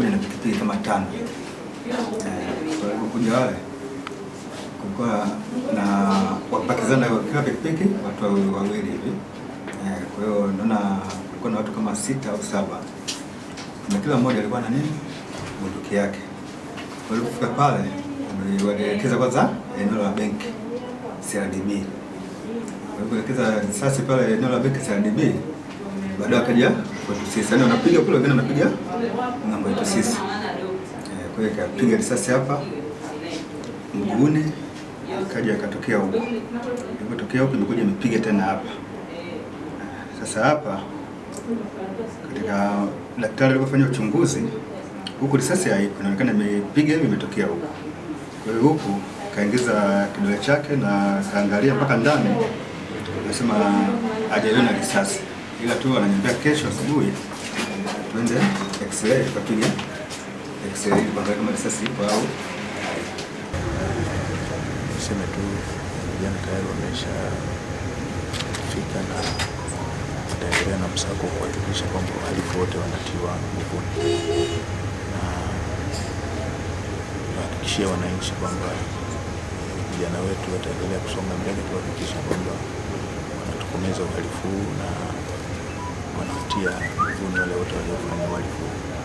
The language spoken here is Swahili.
kuja na pikipiki kama tano. Eh, kwa hiyo kuja wale kulikuwa na wapakizana wakiwa pikipiki watu wawili hivi. Eh, kwa hiyo naona kulikuwa na watu kama sita au saba na kila mmoja alikuwa na nini bunduki yake. Walipofika pale walielekeza kwanza eneo la benki CRDB, walipoelekeza risasi pale eneo la benki CRDB baadaye wakaja kwa sisi, yani wanapiga kule, wengine wanapiga ng'ambo yetu sisi. Eh, Kwa hiyo akapiga risasi hapa mguuni, kaja akatokea huko, ilipotokea huko imekuja imepiga tena hapa. Eh, sasa hapa katika daktari alipofanya uchunguzi huku risasi haiko, inaonekana imepiga hivi, imetokea huko. Kwa hiyo huku kaingiza kidole chake na kaangalia mpaka ndani, nasema ajaliona risasi ila tu ananiambia kesho asubuhi tuende x-ray tukapiga x-ray kuangalia kama risasi ipo au niseme tu vijana tayari wamesha fika na wataendelea na msako kuhakikisha kwamba wahalifu wote wanatiwa nguvuni na wahakikishia wananchi kwamba vijana wetu wataendelea kusonga mbele kuhakikisha kwamba wanatokomeza uhalifu huu na wanatia vuno wale wote waliofanya uhalifu.